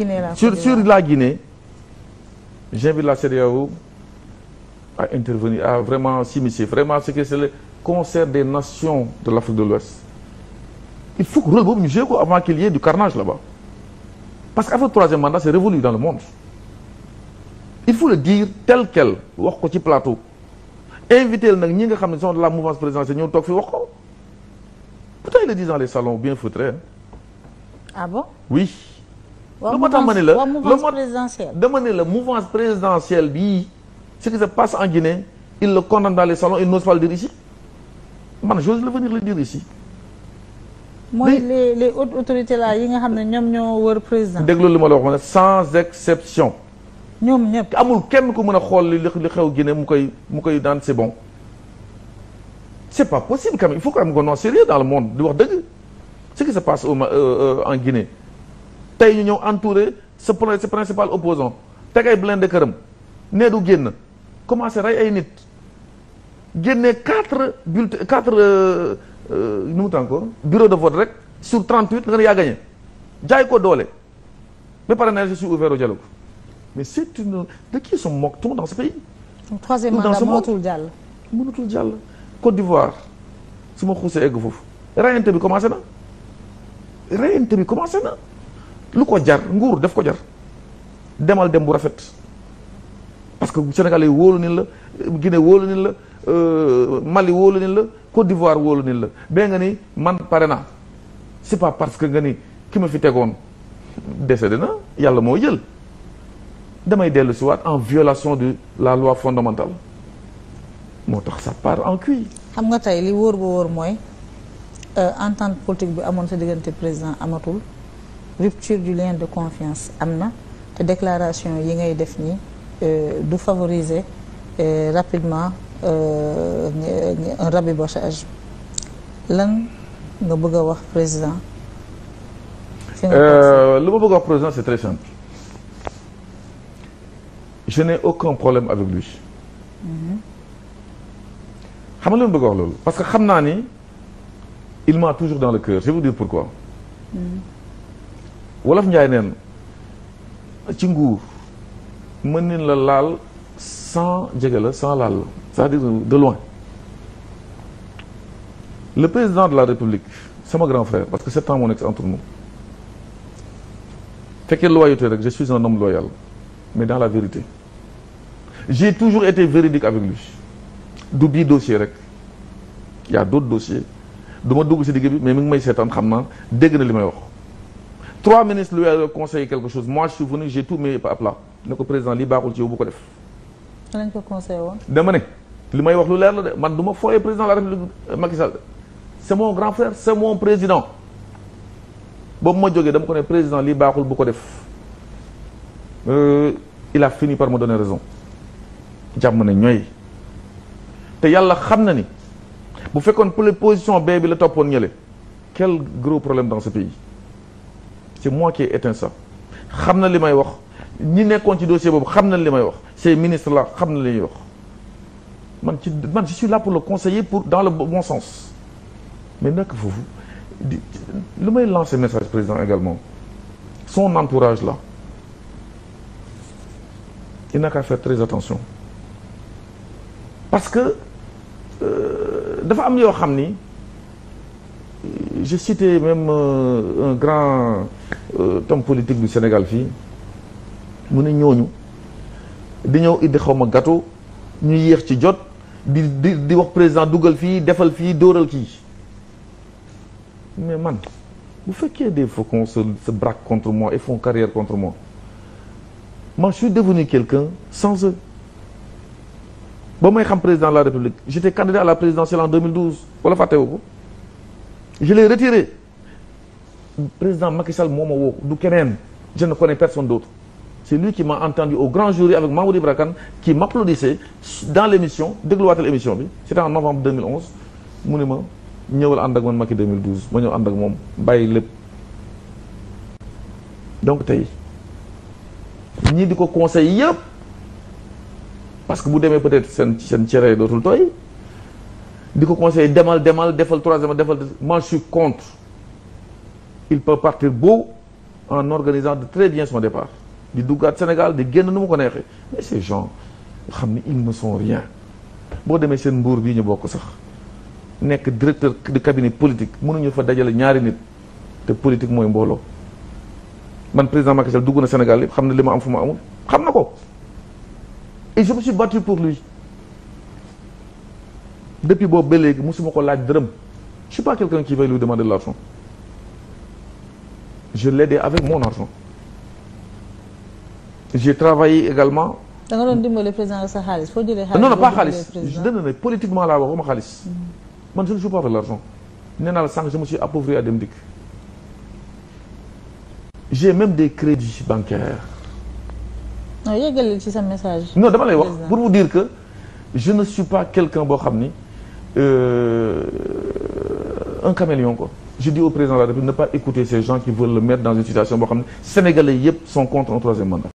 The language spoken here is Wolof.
Guinée là, sur sur la Guinée j'invite la CEDEAO à intervenir à vraiment s'immiscer vraiment ce que c'est le concert des nations de l'Afrique de l'Ouest il faut que rôle boobu ñu joué ko avant qu'il y ait du carnage là-bas parce que après troisième mandat c'est révolu dans le monde il faut le dire tel quel wax ko ci plateau invité nag ñi nga xam ne sont de la mouvance présidentielle ñëw toog fi wax ko pourtant ils le disent dans les salons bien feutrés ah waaw lu ma ma ne la waaw mouvance présidentielle dama ne la mouvance présidentielle bii ce qui se passe en Guinée il le condamne dans les salons il n'ose pas le dire ici man j'ose le venir le dire ici. mooy les les hautes autorités yi nga xam ne ñoom ñoo wër président. dégg loolu li ma la wax ma ne sans exception. ñoom ñëpp amul kenn ku mën a xool li li xew Guinée mu koy mu koy daan c'est bon. c'est pas possible quand même il faut quand même qu'on soit sérieux dans le monde di wax dëgg ce qui se passe au euh, euh, en Guinée. tey ñu ñëw entouré sa sa principal opposant teg ay blindé këram nee du génn commencé rey ay nit génne quatre bulletins quatre euh, euh, nu mu tànkoor bureau de vote rek sur 38 nga ne yaa gagné jaay ko doole ba pare na je suis ouvert au dialogue mais c'est une de qui se moque-t-on dans ce pays. troisième mandat mënatul jàll mënatul jàll Côte d'Ivoire su ma xuusee egg foofu reyante bi commencé na reyante bi commencé na. lu ko jar nguur daf ko jar demal dem bu rafet parce que Sénégal yi wóolu nañ la Guinée wóolu nañ la euh, Mali wóolu nañ la Côte d'Ivoire wóolu nañ la bee nga ni man pare na c'est pas parce que nga ni ki ma fi tegoon décédé na yàlla moo jël damay dellu si waat en violation de la loi fondamentale moo tax ça part en couille. xam nga tey li wóor ba wóor mooy euh, entente politique bi amoon sa diggante président amatul. rupture du lien de confiance am na te déclaration yi ngay def nii euh, du favoriser euh, rapidement euh, un rabibochage lan nga bëgg a wax président. Euh, lu ma bëgg a wax président c'est très simple je n'ai aucun problème avec lui mm-hmm. xam nga lu ma bëgg wax loolu parce que xam naa ni il m'a toujours dans le cœur je vous dire pourquoi. Mm-hmm. wolof njaay neen ci nguur mën nañ la laal sans jege la sans laal la c'est-à-dire de loin le président de la république c'est mon grand frère parce que sept ans moo nekk entre nous fekkee loyauté rek je suis un homme loyal mais dans la vérité j'ai toujours été véridique avec lui du bii dossier rek y a d'autres dossiers du ma dugg si digg bi mais mi ngi may seetaan xam naa dégg na li may wax trois ministres lui a conseillé quelque chose moi je suis venu j'ai tout mis à plat ne ko président lii baaxul ci yow bu ko def. lañ ko conseillé woon. dama ne li may wax lu leer la de man du ma fooyee président de la République euh, Macky Sall c'est mon grand frère c'est mon président boobu ma jógee dama ko ne président lii baaxul bu ko def euh, il a fini par me donner raison jàmm ne ñooy te yàlla xam na ni bu fekkoon position bee bi la toppoon ñële quel gros problème dans ce c'est moi qui ai éteint ça xam na li may wax ñi nekkoon ci dossier boobu xam na li may wax ces ministre la xam na li ñuy wax man ci man je suis là pour le conseiller pour dans le bon sens mais nekk foofu di may lancer message président également son entourage là il n'a qu'à faire très attention parce que euh, dafa am yoo xam ni je citais même euh, un grand euh, homme politique du Sénégal fii mu ne ñooñu di ñëw indi xaw ma gâteau ñu yéex ci jot di di di wax président dugal fii defal fii dóoral kii mais man bu fekkee des faucons se se braquent contre moi et font carrière contre moi man je suis devenu quelqu'un sans eux ba may xam président de la République j'étais candidat à la présidentielle en 2012 wala fàttewu ko je l'ai retiré président Macky Sall moo ma woo du keneen je ne connais personne d'autre c'est lui qui m'a entendu au grand jury avec Mamoudou Ibra Kane qui m'applaudissait dans l'émission dégluwaatal émission bi c'était en novembre 2011 mu ne ma ñëwal ànd ak man Macky 2012 ma ñëw ànd ak moom bàyyi lépp donc tey ñii di ko conseil yëpp parce que bu demee peut-être seen seen cere toy di ko conseiller demal demal defal troisième defal moi je suis contre il peut partir beau en organisant de très bien son départ di duggaat Sénégal di génn nu mu ko neexee mais ces gens xam ni ils ne sont rien boo demee seen mbuur bii ñu bokk sax nekk directeur de cabinet politique mënuñu fa dajale ñaari nit te politique mooy mbooloo man président Macky Sall dugg na Sénégal yëpp xam na li ma am fu ma amul xam na ko et je me suis battu pour lui depuis boobu ba léegi musuma ko laaj dërëm je suis pas quelqu'un qui va lui de l'argent je l'ai aidé avec mon argent j'ai travaillé également. da nga jëlee xaalis non non pas xaalis dana la politiquement laa wax ma xaalis. Mm-hmm. man je ne joue pas avec l'argent nee naa la je me suis appauvri à dem dikk j'ai même des crédits bancaires. non yëgale ci sa message. non dama lay wax pour je ne suis pas quelqu'un boo xam ni. Euh, un caméléon quoi je dis au président de la République ne pas écouter ces gens qui veulent le mettre dans une situation boo xam ne sénégalais yëpp sont contre un troisième mandat